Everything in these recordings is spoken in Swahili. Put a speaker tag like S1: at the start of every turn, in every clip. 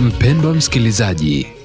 S1: Mpendwa msikilizaji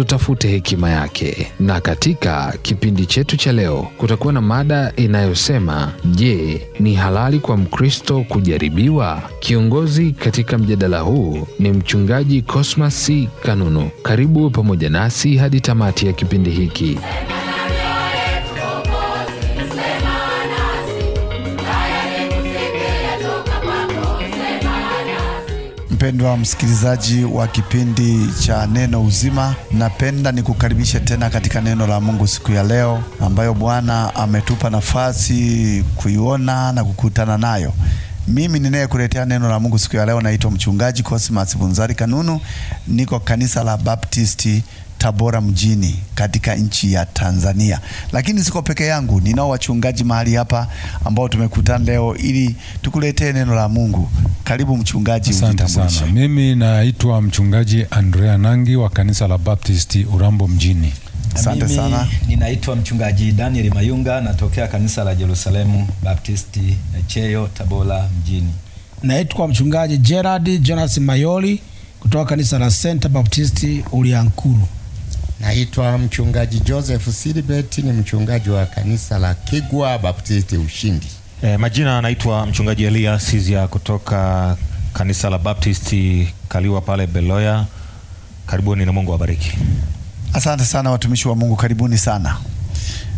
S1: tutafute hekima yake. Na katika kipindi chetu cha leo kutakuwa na mada inayosema, je, ni halali kwa Mkristo kujaribiwa? Kiongozi katika mjadala huu ni mchungaji Cosmas Kanunu. Karibu pamoja nasi hadi tamati ya kipindi hiki.
S2: Mpendwa msikilizaji wa kipindi cha Neno Uzima, napenda nikukaribishe tena katika neno la Mungu siku ya leo ambayo Bwana ametupa nafasi kuiona na kukutana nayo. Mimi ninayekuletea neno la Mungu siku ya leo naitwa Mchungaji Cosmas Bunzari Kanunu, niko kanisa la Baptisti Tabora mjini katika nchi ya Tanzania. Lakini siko peke yangu, ninao wachungaji mahali hapa ambao tumekutana leo ili tukuletee neno la Mungu. Karibu mchungaji, ujitambulishe.
S3: Mimi naitwa mchungaji Andrea Nangi wa kanisa la Baptisti
S4: Urambo mjini. Asante sana.
S5: Ninaitwa mchungaji Daniel Mayunga, natokea kanisa la Jerusalemu Baptisti eh, Cheyo, Tabora mjini.
S4: Naitwa mchungaji Gerard Jonas Mayoli kutoka kanisa la Center Baptisti Uliankuru.
S6: Naitwa mchungaji Joseph Silibeti, ni mchungaji wa kanisa la Kigwa Baptisti Ushindi.
S4: E, majina anaitwa mchungaji Elia Sizia kutoka kanisa la Baptisti Kaliwa pale Beloya. Karibuni na Mungu awabariki.
S2: Asante sana watumishi wa Mungu, karibuni sana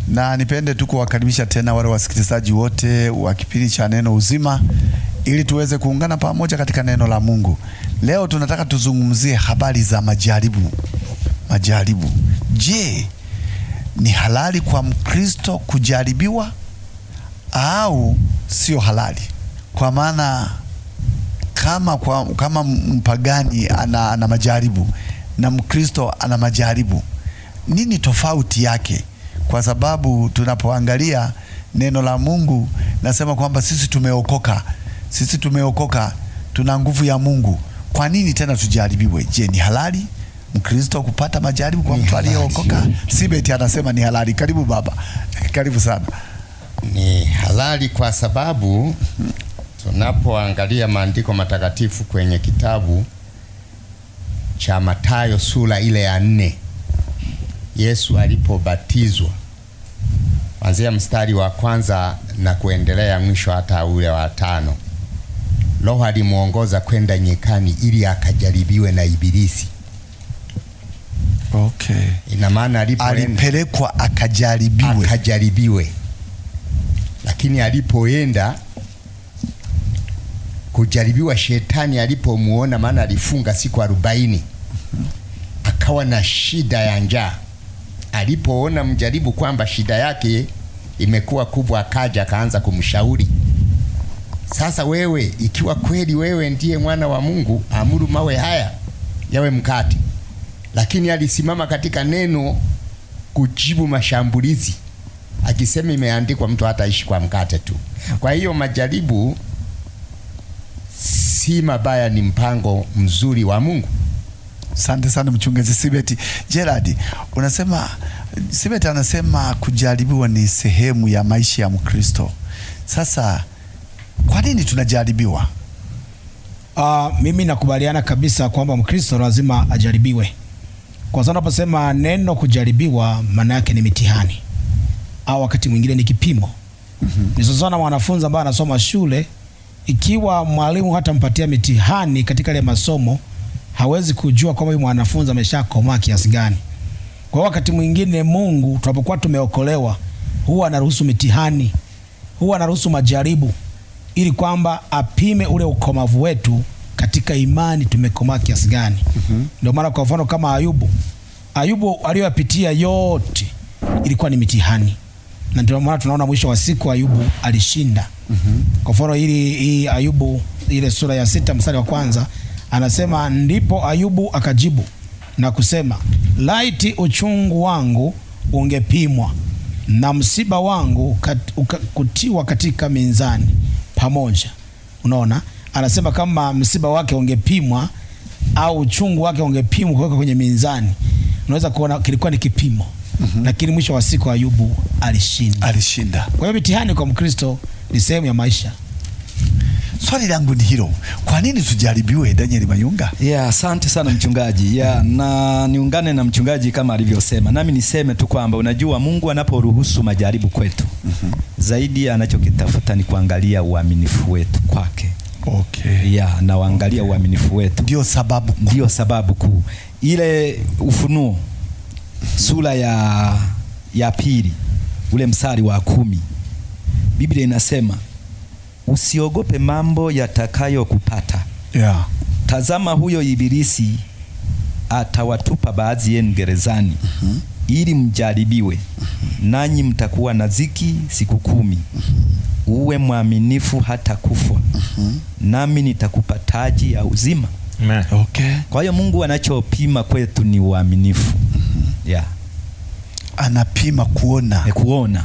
S2: na nipende tu kuwakaribisha tena wale wasikilizaji wote wa kipindi cha Neno Uzima ili tuweze kuungana pamoja katika neno la Mungu. Leo tunataka tuzungumzie habari za majaribu majaribu. Je, ni halali kwa Mkristo kujaribiwa au sio halali? Kwa maana kama, kwa, kama mpagani ana, ana majaribu na Mkristo ana majaribu, nini tofauti yake? Kwa sababu tunapoangalia neno la Mungu nasema kwamba sisi tumeokoka, sisi tumeokoka, tuna nguvu ya Mungu. Kwa nini tena tujaribiwe? Je, ni halali? Mkristo kupata majaribu kwa mtu aliyeokoka? Sibeti anasema ni halali. Karibu baba, karibu sana.
S6: Ni halali kwa sababu tunapoangalia maandiko matakatifu kwenye kitabu cha Mathayo sura ile ya nne, Yesu alipobatizwa kuanzia mstari wa kwanza na kuendelea mwisho hata ule wa tano, Roho alimuongoza kwenda nyikani ili akajaribiwe na Ibilisi okay. Ina maana alipelekwa akajaribiwe, akajaribiwe, lakini alipoenda kujaribiwa, shetani alipomuona, maana alifunga siku arobaini akawa na shida ya njaa. Alipoona mjaribu kwamba shida yake imekuwa kubwa, akaja akaanza kumshauri sasa, wewe ikiwa kweli wewe ndiye mwana wa Mungu, amuru mawe haya yawe mkate lakini alisimama katika neno kujibu mashambulizi akisema imeandikwa, mtu hataishi kwa mkate tu. Kwa hiyo majaribu si mabaya,
S2: ni mpango mzuri wa Mungu. Asante sana mchungaji Sibeti Gerard, unasema Sibeti anasema kujaribiwa ni sehemu ya maisha ya Mkristo. Sasa kwa nini tunajaribiwa?
S4: Uh, mimi nakubaliana kabisa kwamba Mkristo lazima ajaribiwe kwa sababu naposema neno kujaribiwa, maana yake ni mitihani au wakati mwingine ni kipimo. mm -hmm. Nisosana mwanafunzi ambaye anasoma shule, ikiwa mwalimu hatampatia mitihani katika ile masomo, hawezi kujua kwamba mwanafunzi ameshakomaa kiasi gani. Kwa hiyo wakati mwingine Mungu, tunapokuwa tumeokolewa, huwa anaruhusu mitihani, huwa anaruhusu majaribu ili kwamba apime ule ukomavu wetu katika imani tumekomaa kiasi gani? mm-hmm. Ndio maana kwa mfano kama Ayubu, Ayubu aliyoyapitia yote ilikuwa ni mitihani, na ndio maana tunaona mwisho wa siku Ayubu alishinda. mm-hmm. Kwa mfano hili hii Ayubu ile sura ya sita mstari wa kwanza anasema, ndipo Ayubu akajibu na kusema, laiti uchungu wangu ungepimwa na msiba wangu kat, uka, kutiwa katika minzani pamoja. Unaona anasema kama msiba wake ungepimwa au uchungu wake ungepimwa kuweka kwenye mizani, unaweza kuona kilikuwa ni kipimo. mm -hmm. Lakini mwisho wa siku Ayubu alishinda, alishinda. Kwa hiyo mitihani
S5: kwa Mkristo ni sehemu ya maisha. Swali langu ni hilo, kwa nini
S2: tujaribiwe? Daniel Mayunga.
S5: Yeah, asante sana mchungaji. Yeah, na niungane na mchungaji kama alivyosema, nami niseme tu kwamba unajua, Mungu anaporuhusu majaribu kwetu, mm -hmm. zaidi anachokitafuta ni kuangalia uaminifu wetu kwake okay. ya na waangalia okay. uaminifu wetu. Ndio sababu, ndio sababu kuu ile Ufunuo sura ya, ya pili ule msari wa kumi Biblia inasema usiogope mambo yatakayokupata yeah. Tazama huyo ibilisi atawatupa baadhi yenu gerezani mm -hmm. ili mjaribiwe mm -hmm. nanyi mtakuwa na ziki siku kumi mm -hmm. uwe mwaminifu hata kufa mm -hmm nami nitakupa taji ya uzima. Okay. Kwa hiyo Mungu anachopima kwetu ni uaminifu. mm -hmm. Yeah.
S2: Anapima kuona. E, kuona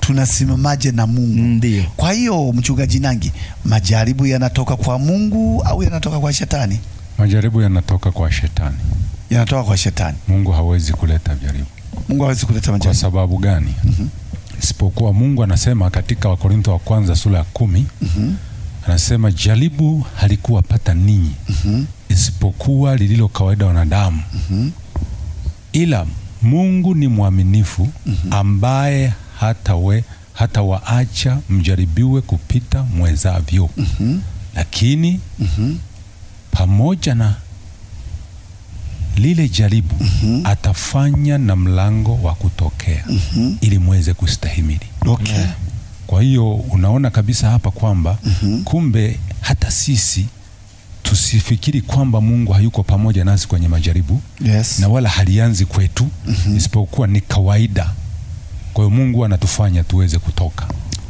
S2: tunasimamaje na Mungu. Mm, Ndiyo. Kwa hiyo Mchungaji Nangi, majaribu yanatoka kwa Mungu au yanatoka kwa shetani?
S3: Majaribu yanatoka kwa shetani. Yanatoka kwa shetani. Mungu hawezi kuleta jaribu. Mungu hawezi kuleta majaribu. Kwa sababu gani? mm -hmm. Isipokuwa Mungu anasema katika Wakorintho wa kwanza sura ya kumi mm -hmm anasema jaribu halikuwa pata ninyi mm -hmm. isipokuwa lililo kawaida wanadamu mm -hmm. ila Mungu ni mwaminifu mm -hmm. ambaye hatawe hatawaacha mjaribiwe kupita mwezavyo mm -hmm. lakini mm -hmm. pamoja na lile jaribu mm -hmm. atafanya na mlango wa kutokea mm -hmm. ili mweze kustahimili okay. yeah. Kwa hiyo unaona kabisa hapa kwamba mm -hmm. kumbe hata sisi tusifikiri kwamba Mungu hayuko pamoja nasi kwenye majaribu yes. na wala halianzi kwetu mm -hmm. isipokuwa ni kawaida. Kwa hiyo Mungu anatufanya tuweze kutoka.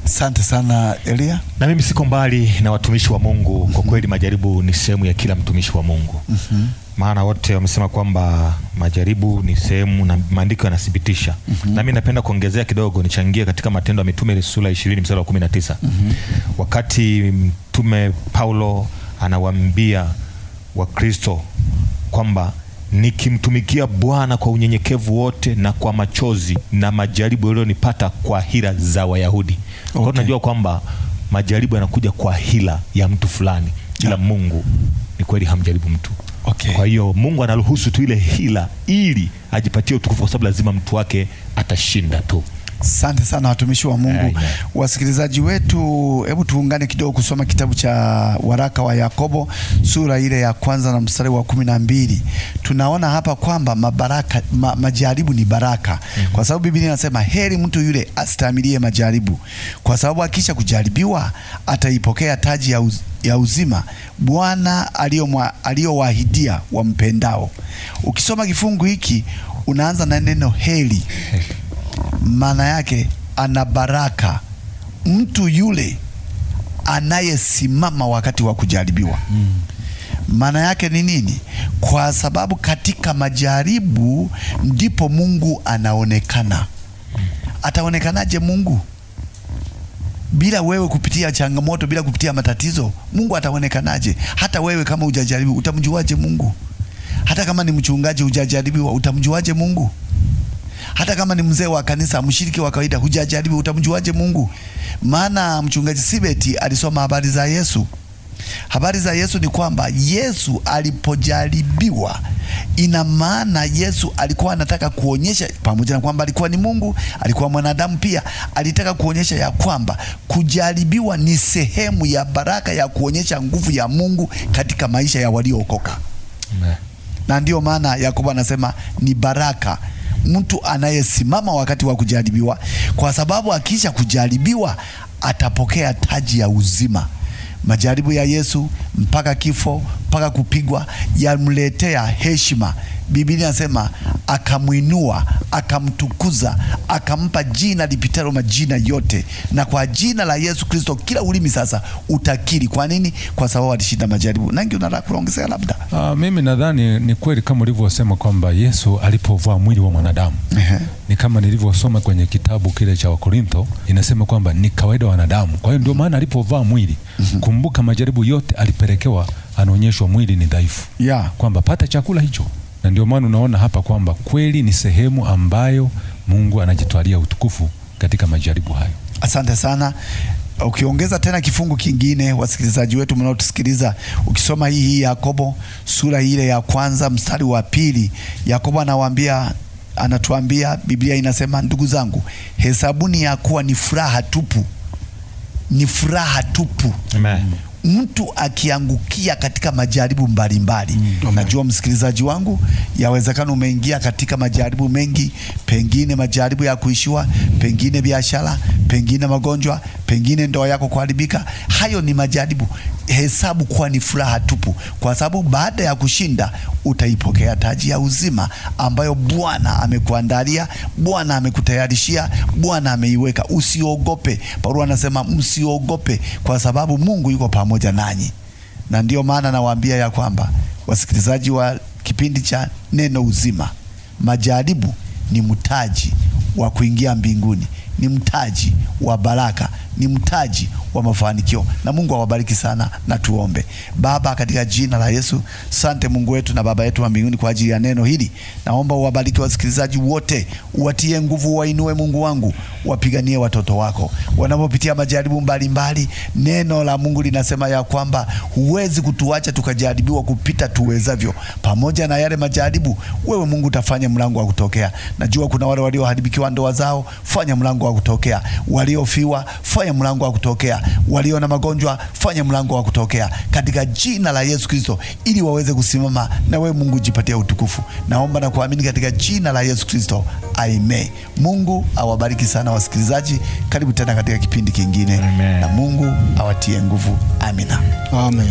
S4: Asante sana Elia. Na mimi siko mbali na watumishi wa Mungu. Kwa kweli majaribu ni sehemu ya kila mtumishi wa Mungu. mm -hmm maana wote wamesema kwamba majaribu ni sehemu na maandiko yanathibitisha. mm -hmm. Nami napenda kuongezea kidogo, nichangie katika Matendo ya Mitume sura ishirini mstari wa kumi na tisa. mm -hmm. Wakati Mtume Paulo anawaambia Wakristo kwamba nikimtumikia Bwana kwa unyenyekevu wote na kwa machozi na majaribu yaliyonipata kwa hila za Wayahudi. Okay. Kwa tunajua kwamba majaribu yanakuja kwa hila ya mtu fulani, ila yeah. Mungu ni kweli hamjaribu mtu Okay. Kwa hiyo Mungu anaruhusu tu ile hila ili ajipatie utukufu, kwa sababu lazima mtu wake atashinda tu.
S2: Asante sana watumishi wa Mungu. Aye. Wasikilizaji wetu, hebu tuungane kidogo kusoma kitabu cha waraka wa Yakobo sura ile ya kwanza na mstari wa kumi na mbili. Tunaona hapa kwamba mabaraka, ma, majaribu ni baraka mm -hmm. Kwa sababu Biblia inasema heri mtu yule astamilie majaribu, kwa sababu akisha kujaribiwa ataipokea taji ya, uz, ya uzima Bwana wa wampendao. Ukisoma kifungu hiki unaanza na neno heli maana yake ana baraka mtu yule anayesimama wakati wa kujaribiwa. Maana yake ni nini? Kwa sababu katika majaribu ndipo Mungu anaonekana. Ataonekanaje Mungu? bila wewe kupitia changamoto, bila kupitia matatizo, Mungu ataonekanaje? Hata wewe kama hujajaribu, utamjuaje Mungu? Hata kama ni mchungaji hujajaribiwa, utamjuaje Mungu? Hata kama ni mzee wa kanisa, mshiriki wa kawaida, hujajaribu, utamjuaje Mungu? Maana mchungaji Sibeti alisoma habari za Yesu Habari za Yesu ni kwamba Yesu alipojaribiwa, ina maana Yesu alikuwa anataka kuonyesha, pamoja na kwamba alikuwa ni Mungu, alikuwa mwanadamu pia, alitaka kuonyesha ya kwamba kujaribiwa ni sehemu ya baraka ya kuonyesha nguvu ya Mungu katika maisha ya waliookoka. Na ndiyo maana Yakobo anasema ni baraka mtu anayesimama wakati wa kujaribiwa, kwa sababu akiisha kujaribiwa atapokea taji ya uzima majaribu ya Yesu mpaka kifo, mpaka kupigwa, yamletea heshima. Biblia inasema akamwinua, akamtukuza, akampa jina lipitalo majina yote, na kwa jina la Yesu Kristo kila ulimi sasa utakiri. Kwa nini? Kwa sababu alishinda majaribu. Nangi, unataka kuongezea labda?
S3: Uh, mimi nadhani ni kweli kama ulivyosema kwamba Yesu alipovaa mwili wa mwanadamu ni kama nilivyosoma kwenye kitabu kile cha wakorintho inasema kwamba ni kawaida wanadamu. Kwa hiyo ndio maana alipovaa mwili, mhm. kumbuka majaribu yote alipelekewa anaonyeshwa mwili ni dhaifu yeah. kwamba pata chakula hicho, na ndio maana unaona hapa kwamba kweli
S2: ni sehemu ambayo Mungu anajitwalia utukufu katika majaribu hayo. Asante sana. Ukiongeza tena kifungu kingine, wasikilizaji wetu mnaotusikiliza, ukisoma hii hii Yakobo sura ile ya kwanza mstari wa pili, Yakobo anawaambia anatuambia Biblia inasema, ndugu zangu, hesabuni ya kuwa ni furaha tupu, ni furaha tupu. Amen mtu akiangukia katika majaribu mbalimbali mm. Najua msikilizaji wangu, yawezekana umeingia katika majaribu mengi, pengine majaribu ya kuishiwa, pengine biashara, pengine magonjwa, pengine ndoa yako kuharibika. Hayo ni majaribu, hesabu kuwa ni furaha tupu, kwa sababu baada ya kushinda utaipokea taji ya uzima ambayo Bwana amekuandalia, Bwana amekutayarishia, Bwana ameiweka. Usiogope, Paulo anasema msiogope, kwa sababu Mungu yuko pamoja pamoja nanyi, na ndiyo maana nawaambia ya kwamba wasikilizaji wa kipindi cha Neno Uzima, majaribu ni mtaji wa kuingia mbinguni, ni mtaji wa baraka ni mtaji wa mafanikio. Na Mungu awabariki sana, na tuombe. Baba, katika jina la Yesu, sante Mungu wetu na Baba yetu wa mbinguni kwa ajili ya neno hili. Naomba uwabariki wasikilizaji wote, uwatie nguvu, wainue Mungu wangu, wapiganie watoto wako wanapopitia majaribu mbalimbali. Neno la Mungu linasema ya kwamba huwezi kutuacha tukajaribiwa kupita tuwezavyo. Pamoja na yale majaribu, wewe Mungu utafanya mlango wa kutokea. Najua kuna wale walioharibikiwa ndoa zao, fanya mlango wa kutokea. Waliofiwa fanya fanya mlango wa kutokea. Walio na magonjwa, fanya mlango wa kutokea katika jina la Yesu Kristo, ili waweze kusimama na wewe. Mungu jipatia utukufu, naomba na kuamini katika jina la Yesu Kristo, amen. Mungu awabariki sana wasikilizaji, karibu tena katika kipindi kingine, amen. Na Mungu awatie nguvu, amina, amen.